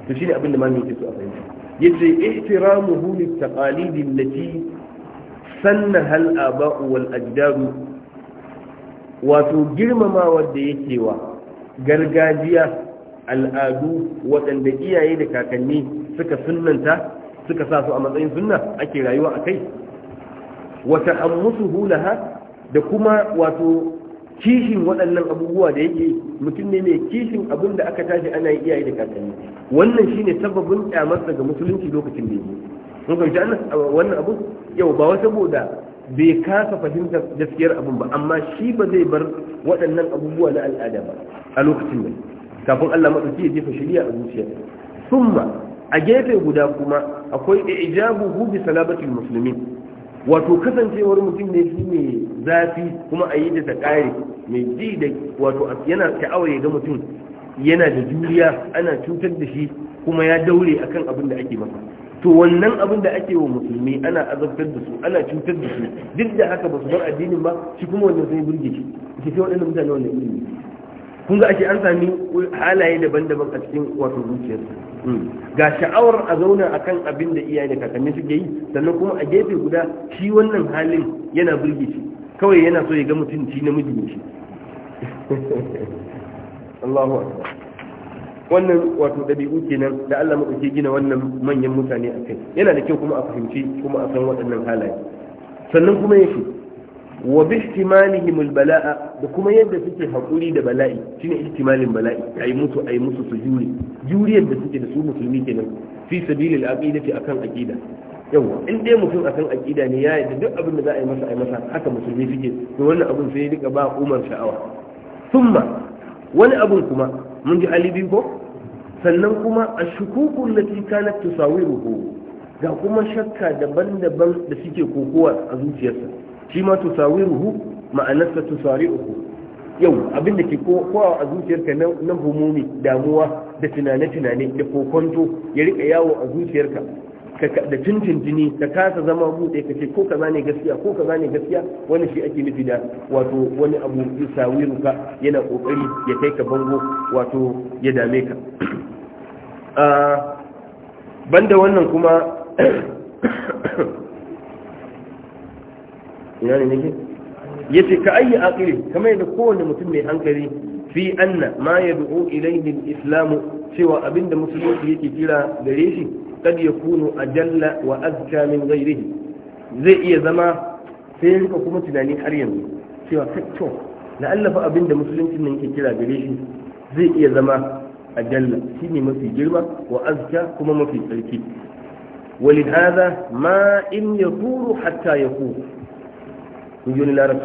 to shine abin da malamin yake so a fahimta yace ihtiramuhu lit taqalidi allati Sannan hal aba'u wal ajdaru wato girmamawa da yake wa gargajiya al'adu waɗanda iyaye da kakanni suka sunnanta suka sa su a matsayin sunna ake rayuwa a kai wata laha da kuma wato kishin waɗannan abubuwa da yake mutum ne mai kishin abin da aka tashi ana yi iyaye da kakanni wannan shine sababin kyamarsa ga musulunci lokacin da yake mun fahimci wannan abu yau ba wata buɗa bai kasa fahimtar gaskiyar abin ba amma shi ba zai bar waɗannan abubuwa na al'ada ba a lokacin nan kafin Allah maɗauki ya jefa shari'a a zuciya summa a gefe guda kuma akwai ijabuhu bi salabatul muslimin wato kasancewar mutum ne shi mai zafi kuma a yi da ta ƙare mai ji da wato yana ya ga mutum yana da juriya ana cutar da shi kuma ya daure akan abin da ake masa to wannan abin da ake wa musulmi ana azabtar da su ana cutar da su duk da haka ba su bar addinin ba shi kuma wannan sai burge shi ke sai waɗannan mutane wannan ilimi kun ga ake an sami halaye daban-daban a cikin wato zuciyar hmm. ga sha'awar a zauna akan abin da iyaye da kakanni suke yi sannan kuma a gefe guda shi wannan halin yana burge shi kawai yana so ya ga mutum shi namiji ne shi Allahu akbar wannan wato ɗabi'u kenan da Allah maɗauki gina wannan manyan mutane a kai yana da kyau kuma a fahimci kuma a san waɗannan halaye sannan kuma yake wa bi ihtimalihim albala'a da kuma yadda suke hakuri da bala'i shine ihtimalin bala'i ayi musu ayi mutu su juri. juriyar da suke da su musulmi kenan fi sabilil aqidati akan aqida yawa in dai mutum akan aqida ne ya yadda duk abin da za a yi masa a yi masa haka musulmi suke to wannan abin sai ya rika ba umar sha'awa thumma wani abun kuma mun ji alibi ko sannan kuma a shukukun lati kanat tusawiruhu ga kuma shakka daban-daban da suke kokowa a zuciyarsa shi ma tusawiruhu ma'anarsa tusari'uhu yau abin da ke kowa a zuciyarka na humumi damuwa da tunane-tunane da kokonto ya rika yawo a zuciyarka da cincin jini ka kasa zama buɗe ka ce ko kaza ne gaskiya ko kaza ne gaskiya wani shi ake nufi da wato wani abu isawiru ka yana kokari ya kai ka bango wato ya dame ka ah, banda wannan kuma ina ne nake yace ka ayi aqili kamar yadda kowanne mutum mai hankali fi anna ma yad'u ilayhi al islamu cewa abinda musulunci yake kira gare shi kad yakunu ajalla wa azka min ghairihi zai iya zama sai rika kuma tunani har yanzu cewa to allafa abinda musulunci ne yake kira gare shi zai iya zama ajalla shine mafi girma wa azka kuma mafi tsarki ولهذا ما إن يفور حتى يفور من جون العرب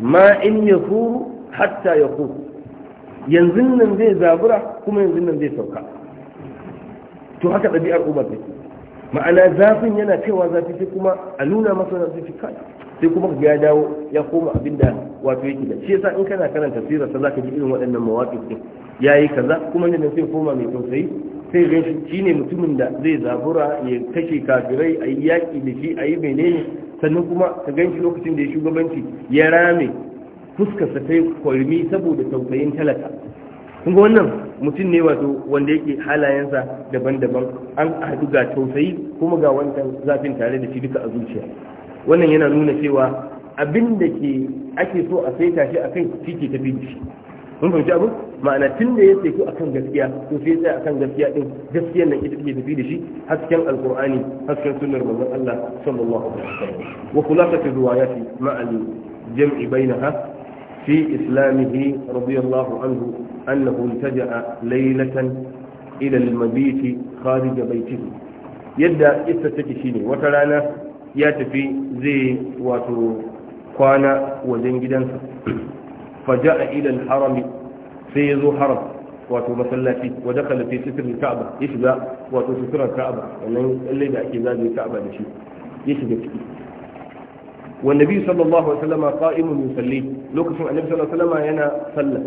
ما إن يفور حتى يفور yanzu nan zai zabura kuma yanzu nan zai sauka to haka ɗabi'ar uba take ma'ana zafin yana cewa zafi sai kuma a nuna masa wani zafi kai sai kuma ya dawo ya koma abinda wato yake da shi yasa in kana karanta sirar sa zaka ji irin waɗannan mawaƙi din yayi kaza kuma ne sai koma mai tausayi sai ga shi shine mutumin da zai zabura ya kashe kafirai a yi yaƙi da shi a yi menene sannan kuma ka gan lokacin da ya shugabanci ya rame Fuskar ta yi kwarmi saboda tausayin talaka kun ga wannan mutum ne wato wanda yake halayensa daban-daban an haɗu ga tausayi kuma ga wancan zafin tare da shi duka a zuciya wannan yana nuna cewa abin da ke ake so a saita shi akan shi ke tafi da shi mun fahimci abu ma'ana tun da ya saiku akan gaskiya to sai ya akan gaskiya din gaskiyar nan ita take tafi da shi hasken alqur'ani hasken sunnar manzon Allah sallallahu alaihi wasallam wa khulasatu riwayati ma'a jam'i bainaha في إسلامه رضي الله عنه أنه التجأ ليلة إلى المبيت خارج بيته يدى إستتكشيني وترانا ياتفي زي واتو كوانا وزنجدنسا فجاء إلى الحرم سيزو حرم wato masallaci wa dakala fi sitrin ka'aba ya shiga wato sitrin ka'aba wannan lalle da ake zagaye ka'aba da shi ya shiga ciki والنبي صلى الله عليه وسلم قائم يصلي لوكس النبي صلى الله عليه وسلم ينا صلى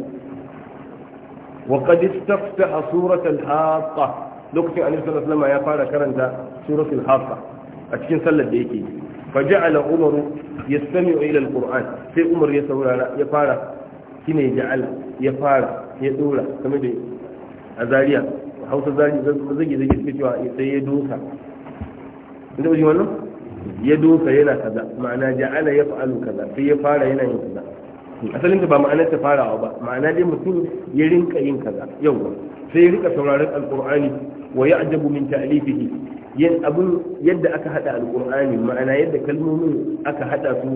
وقد استفتح سورة الحاقة لوكس النبي صلى الله عليه وسلم يا فارا كرنتا سورة الحاقة أتكين صلى بيكي فجعل عمر يستمع إلى القرآن في عمر يسولا يا فارا كنا يجعل يا فارا يدولا كما دي أزاريا hausa zagi zagi zagi suke cewa sai ya dosa inda wajen wannan ya dosa yana kaza ma'ana ja'ala ya fa'alu kaza sai ya fara yana yin kaza asalin ba ma'anar ta farawa ba ma'ana dai mutum ya rinka yin kaza yau sai ya rika sauraron alqur'ani wa ya'jabu min ta'lifihi yin abun yadda aka hada alqur'ani ma'ana yadda kalmomin aka hada su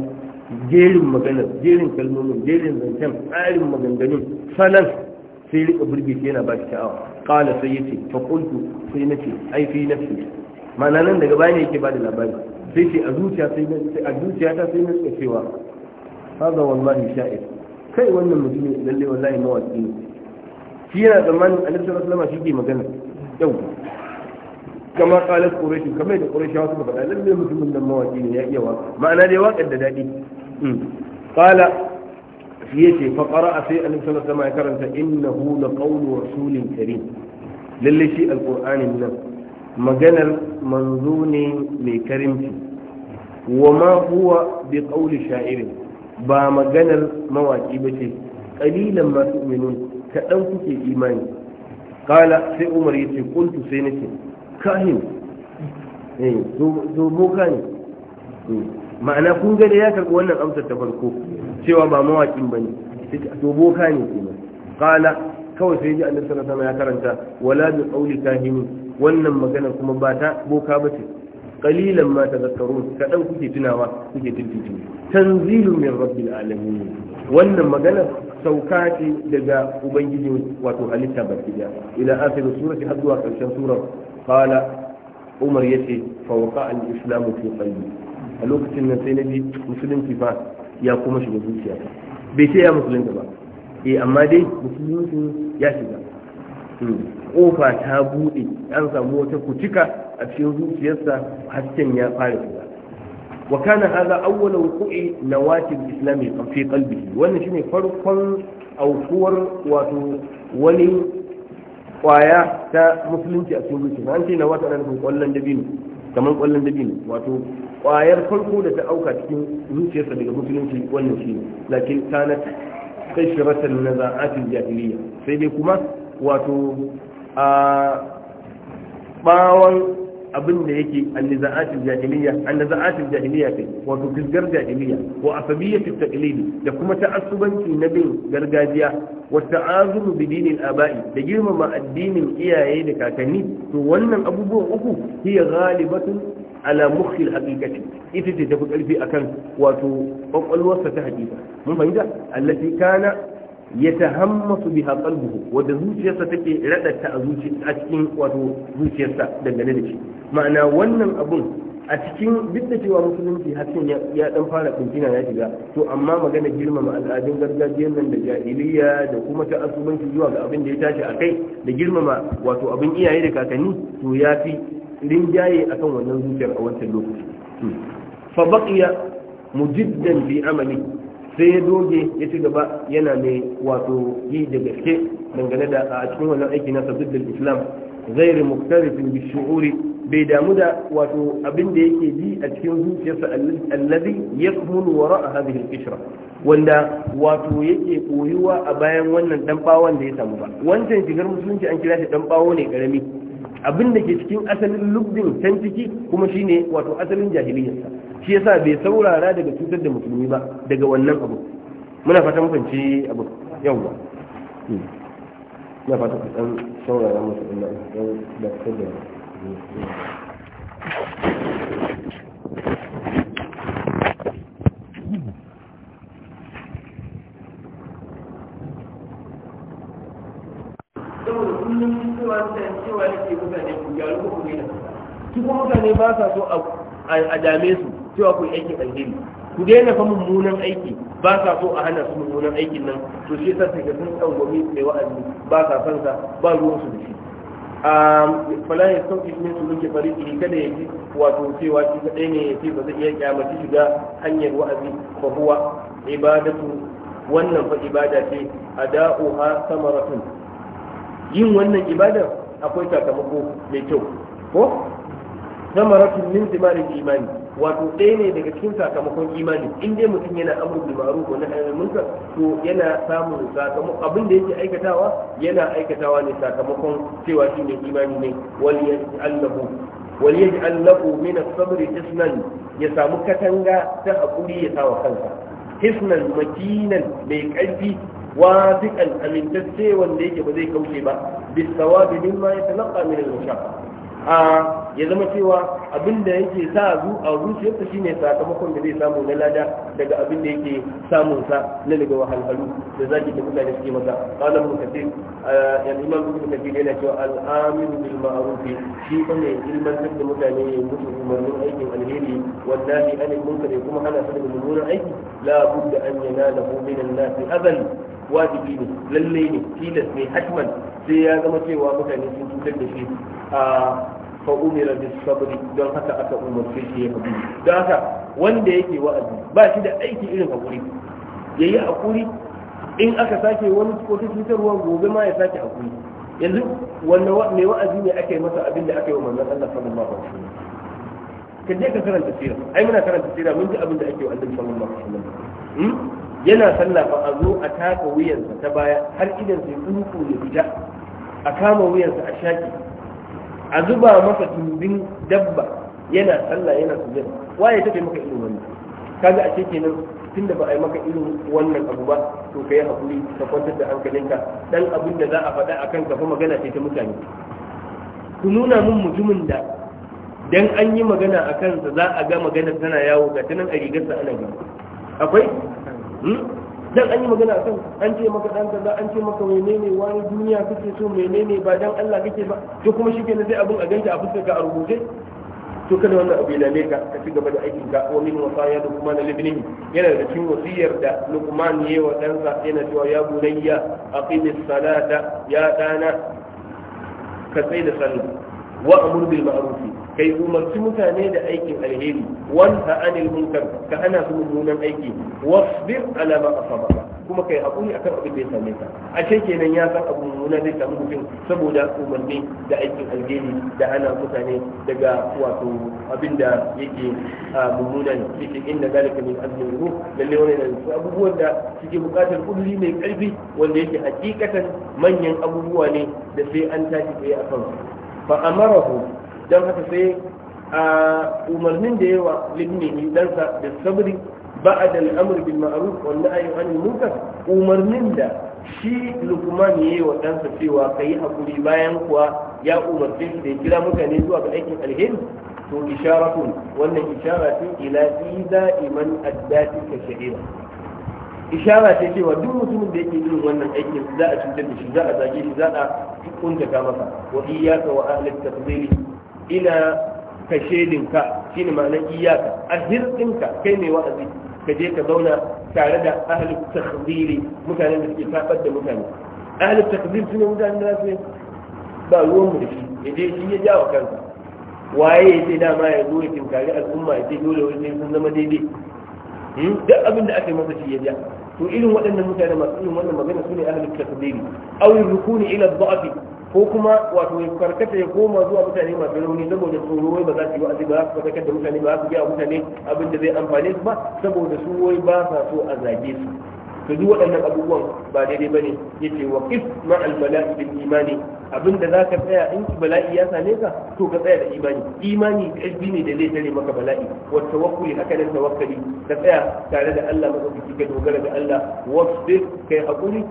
jerin magana, jerin kalmomin jerin zancen tsarin maganganun sanan sai ya rika burge shi yana ba shi ta'awa qala sai ce, fa qultu sai nace ai fi nafsi ma'ana nan daga baya yake ba da labari sai ce a zuciya sai na a zuciya ta suka cewa haza wallahi sha'ir kai wannan mutumin lalle wallahi mawaki ne shi yana tsammanin annabi sallallahu alaihi wasallam shi ke magana yau kamar qalat quraish kamar da quraish wasu faɗa lalle mutumin nan mawaki ne ya iya wa ma'ana dai waƙar da daɗi hmm. qala shi ce fa a sai annabi sallallahu alaihi wasallam ya karanta na innahu laqawlu rasulin karim lalle shi alqur'anin nan maganar manzo ne mai karimci wa ma huwa bi qawli sha'irin ba maganar mawaki ce. qalilan masu tu'minun kaɗan kuke imani kala sai umar ya yace kuntu sai na nace kahin eh zo mu kani eh, ma'ana kun gani ya karɓi wannan amsar ta farko cewa ba mawaƙin mawakin bane to boka ne kenan kala kawai sai ji annabi sallallahu alaihi ya karanta wala bi qawli kahin wannan magana kuma ba ta boka ba ce. qalilan ma tadhakkarun kadan kuke tunawa kuke tuntuni tanzilu min rabbil alamin wannan magana sauka ce daga ubangiji wato halitta baki da. ila akhir surati har zuwa karshen surar qala umar yace fa waqa al islamu fi qalbi a lokacin nan sai na bi musulunci ba ya kuma shiga zuciyata bai ce ya musulunta ba eh amma dai musulunci ya shiga kofa ta bude an samu wata kucika a cikin zuciyarsa hasken ya fara fita wa kana hadha awwala wuqu'i nawatib islami fi qalbihi wannan shine farkon aukuwar wato wani kwaya ta musulunci a cikin zuciya an ce na wata ana nufin kwallon dabino kamar kwallon dabino wato kwayar farko da ta auka cikin zuciyarsa daga musulunci wannan shi lakin kanat kashiratan naza'atil jahiliya sai dai kuma wato a bawon abin da yake anniza'atul jahiliya anniza'atul jahiliya kai wato fisgar jahiliya wa asabiyyatul taqlidi da kuma ta'assubanci na bin gargajiya wa ta'azumu bi dinil aba'i da girmama addinin iyaye da kakanni to wannan abubuwan uku hiya ghalibatun ala mukhi al ita ce fi karfi akan wato kwakwalwarsa ta hakika mun fahimta allati kana Ya yatahammasu biha qalbuhu wadda zuciyarsa take radata a a cikin wato zuciyarsa dangane da shi ma'ana wannan abun a cikin duk da cewa musulunci hakan ya dan fara kunkina ya shiga to amma magana girmama al'adun gargajiyar nan da jahiliya da kuma ta asubanci zuwa ga abin da ya tashi a kai da girmama wato abin iyaye da kakanni to ya fi rinjaye akan wannan zuciyar a wancan lokaci hmm. fa baqiya mujiddan bi amali sai ya doge ya ci gaba yana mai wato yi da gaske dangane da a cikin wannan aiki na sabbin islam zairi muktarifin bi shu'uri bai damu da wato abin da yake bi a cikin zuciyarsa allazi wa wara hadhihi al-ishra wanda wato yake koyuwa a bayan wannan dan bawon da ya samu ba wancan shigar musulunci an kira shi dan bawo ne karami abin da ke cikin asalin lubdin can ciki kuma shine wato asalin jahiliyarsa shi yasa bai saurara daga cutar da musulmi ba daga wannan abu muna fata mukanci abu yawwa hmm. na fata ku saurara musulmi da wancan cewa nake mutane ku gyaru ku ne su kuma mutane ba sa so a dame su cewa ku aiki alheri ku daina fa mummunan aiki ba sa so a hana su mummunan aikin nan to shi yasa daga sun tsangwami mai wa'azi ba sa san sa ba ruwan su da shi fala ya sauki ne su muke ne kada ya ji wato cewa shi kadai ne ya ce ba zai iya kyamaci shiga hanyar wa'azi fa huwa ibadatu wannan fa ibada ce a ada'uha samaratun yin wannan ibadar akwai sakamako mai kyau ko samaratun min zimarin imani wato ɗaya ne daga cikin sakamakon imani in dai mutum yana amur da maru ko na ayyar mulka to yana samun sakamakon abin da yake aikatawa yana aikatawa ne sakamakon cewa shi ne imani ne waliyar allahu lahu min as hisnan ya samu katanga ta hakuri ya sawa kansa hisnan makinan mai ƙarfi wadiqan amintacce wanda yake ba zai kauce ba bisawabi mimma yatalaqa min al-mushaqa a ya zama cewa abinda da yake sa a zuciyarsa shine sakamakon da zai samu na lada daga abinda da yake samun sa na daga wahalhalu da zaki da mutane suke masa qala ibn kathir yan imam ibn kathir yana cewa al-amin bil ma'ruf shi fa ne ilman da mutane ya mutu umarnin aikin alheri wallahi an munkari kuma ana sanin mummunan aiki la budda an yanala min an-nas azal wajibi ne lalle ne tilas ne hatman sai ya zama cewa mutane sun cutar da shi a fa da bis sabri don haka aka umarce shi ya hakuri don haka wanda yake wa'azi ba shi da aiki irin hakuri yi hakuri in aka sake wani ko ta cutarwa gobe ma ya sake hakuri yanzu wannan mai wa'azi ne aka yi masa abin da aka yi wa manzon Allah sallallahu alaihi wasallam ka je ka karanta sirra ai muna karanta sirra mun ji abin da ake wa annabi sallallahu alaihi wasallam hmm? yana sallah ba a zo a taka wuyansa ta baya har idan sai tsuntsu ya fita a kama wuyansa a shaki a zuba masa tumbin dabba yana sallah yana sujjada waye take maka irin wannan kaga a kenan tunda ba a yi maka irin wannan abu ba to kai hakuri ka kwantar da hankalinka dan abin da za a faɗa akan ka fa magana ce ta mutane ku nuna mun mutumin da dan an yi magana a kansa za a ga magana tana yawo ga tanan a rigarsa ana gani akwai Hmm? dan an yi magana a kan an ce maka dan kaza an ce maka menene wani duniya kake so menene ba dan Allah kake ba to kuma shi kenan sai abin a ganta a fuskar ka a rubuce to kada wannan abu ya ka ka ci gaba da aikin ka wa min wasaya da kuma na libnihi yana da cikin wasiyar da Luqman ya wa ɗansa yana cewa ya bunayya aqimis salata ya dana ka tsaya da sallah wa amur bil ma'ruf kai umarci mutane da aikin alheri wanta anil munkar ka hana su mummunan aiki wasbir ala ma asabaka kuma kai hakuri akan abin da ya same ka ashe kenan ya san abu mummuna da ta mutum saboda umarni da aikin alheri da hana mutane daga wato abin da yake mummuna yake inda zalika min azmin ruh lalle wani da abubuwan da suke bukatar kulli mai karfi wanda yake hakikatan manyan abubuwa ne da sai an tashi tsaye akan fa amarahu don haka sai a umarnin da yawa libnihi ɗansa da sabri ba'ad al'amr bil wanda wal yi wani munkar umarnin da shi lukman yayi wa ɗansa cewa yi hakuri bayan kuwa ya umarce shi da ya kira mutane zuwa ga aikin alheri to isharatun wannan ishara ce ila iza iman addati ka shahira ishara ce cewa duk mutumin da yake yin wannan aikin za a cutar da shi za a zage shi za a kunta masa wa iyyaka wa ahli tafdili ina ka shedinka ne ma'anar iyaka a hirɗinka kai mai wa'azi ka je ka zauna tare da ahalin takziri mutanen da suke tabar da mutane ahalin takziri suna mutanen da su ba ruwan mu da shi ya je shi ya jawo kansa waye ya ce dama ya zo ya tinkari al'umma ya ce dole wani sun zama daidai hmm? duk abin da aka yi masa shi ya ja to irin waɗannan mutane masu irin wannan magana su ne ahalin tasdiri aw rukuni ila dha'fi ko kuma wato ya karkata ya koma zuwa mutane masu rauni saboda tsoro wai ba za su yi wa'azi ba su da mutane ba su gaya mutane abin da zai amfane su ba saboda su wai ba sa so a zage su to duk waɗannan abubuwan ba daidai bane yace wa qif ma mala'i bil imani abin da ka tsaya in bala'i ya same ka to ka tsaya da imani imani kalbi ne da zai tare maka bala'i wa tawakkuli haka nan tawakkali ka tsaya tare da Allah madaukaki ka dogara da Allah wasbir kai hakuri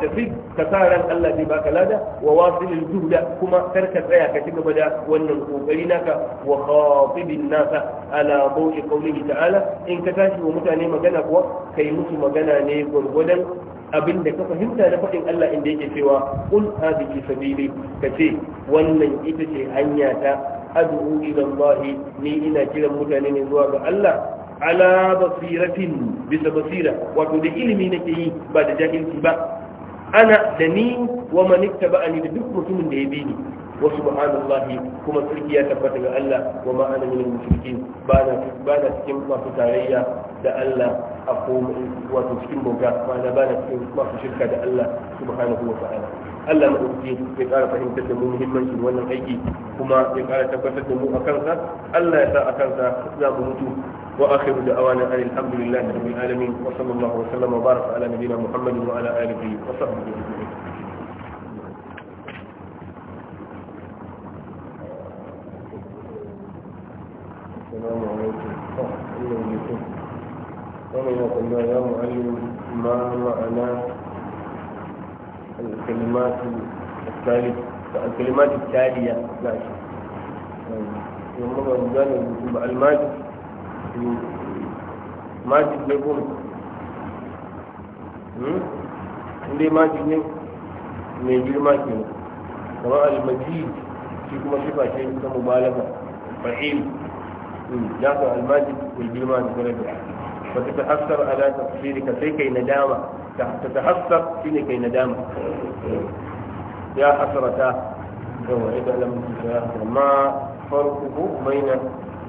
tafi ka sa ran Allah zai baka lada wa wasilil juhda kuma kar ka tsaya ka ci gaba da wannan kokari naka wa khatibin nasa ala bawi qawlihi ta'ala in ka tashi wa mutane magana kuwa kai musu magana ne gurgudan abin da ka fahimta da faɗin Allah inda yake cewa qul hadhihi sabili kace wannan ita ce hanya ta ad'u ila Allah ni ina kiran mutane ne zuwa ga Allah ala basiratin bisa basira wato da ilimi nake yi ba da jahilci ba ana da ni wa man ittaba'ani da duk mutumin da ya bi ni wa subhanallahi kuma sarki ya tabbata ga Allah wa ma ana minal mushrikin ba na ba na cikin masu tarayya da Allah a komai wato cikin bauta ba na ba na cikin masu shirka da Allah subhanahu wa ta'ala Allah na ubangi ya ƙara fahimtar da mu muhimmancin wannan aiki kuma ya ƙara tabbatar da mu a kansa Allah ya sa a kansa za mu mutu wa akhiru da awanin an alhamdulillah rabbil alamin wa sallallahu wa sallama wa baraka ala nabiyina muhammadin wa ala alihi wa sahbihi ajma'in السلام عليكم ورحمة الله وبركاته. يا معلم ما معناه الكلمات الثالثة الكلمات التالية ماشي نعم. نعم. يوم ما الماجد ماجد نقوم عندي ماجد نقوم من جرما كنا كما المجيد في كما شفا مبالغة فعيل لكن الماجد والجرما فتتأثر على تقصيرك فيك ندامة تتحسر في لكي ندامة يا حسرة إذا لم ما فرقه بين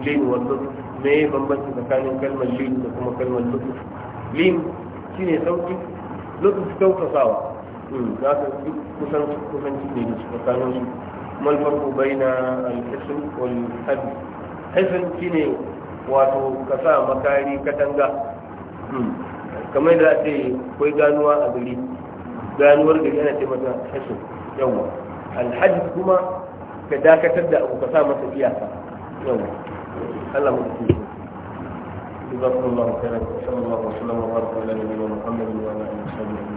لين واللطف ما هي بمبنش مكان كلمة لين وكما كلمة لطف لين كين صوتي لطف كوكا صاوة ما الفرق بين الحسن والحزن حسن كين واتو ka مكاري كتنجا kamar da ce kai ganuwa a gari ganuwar gari ana ce mata hashin yawa alhaji kuma ka dakatar da abu ka sa masa iyaka yawa Allah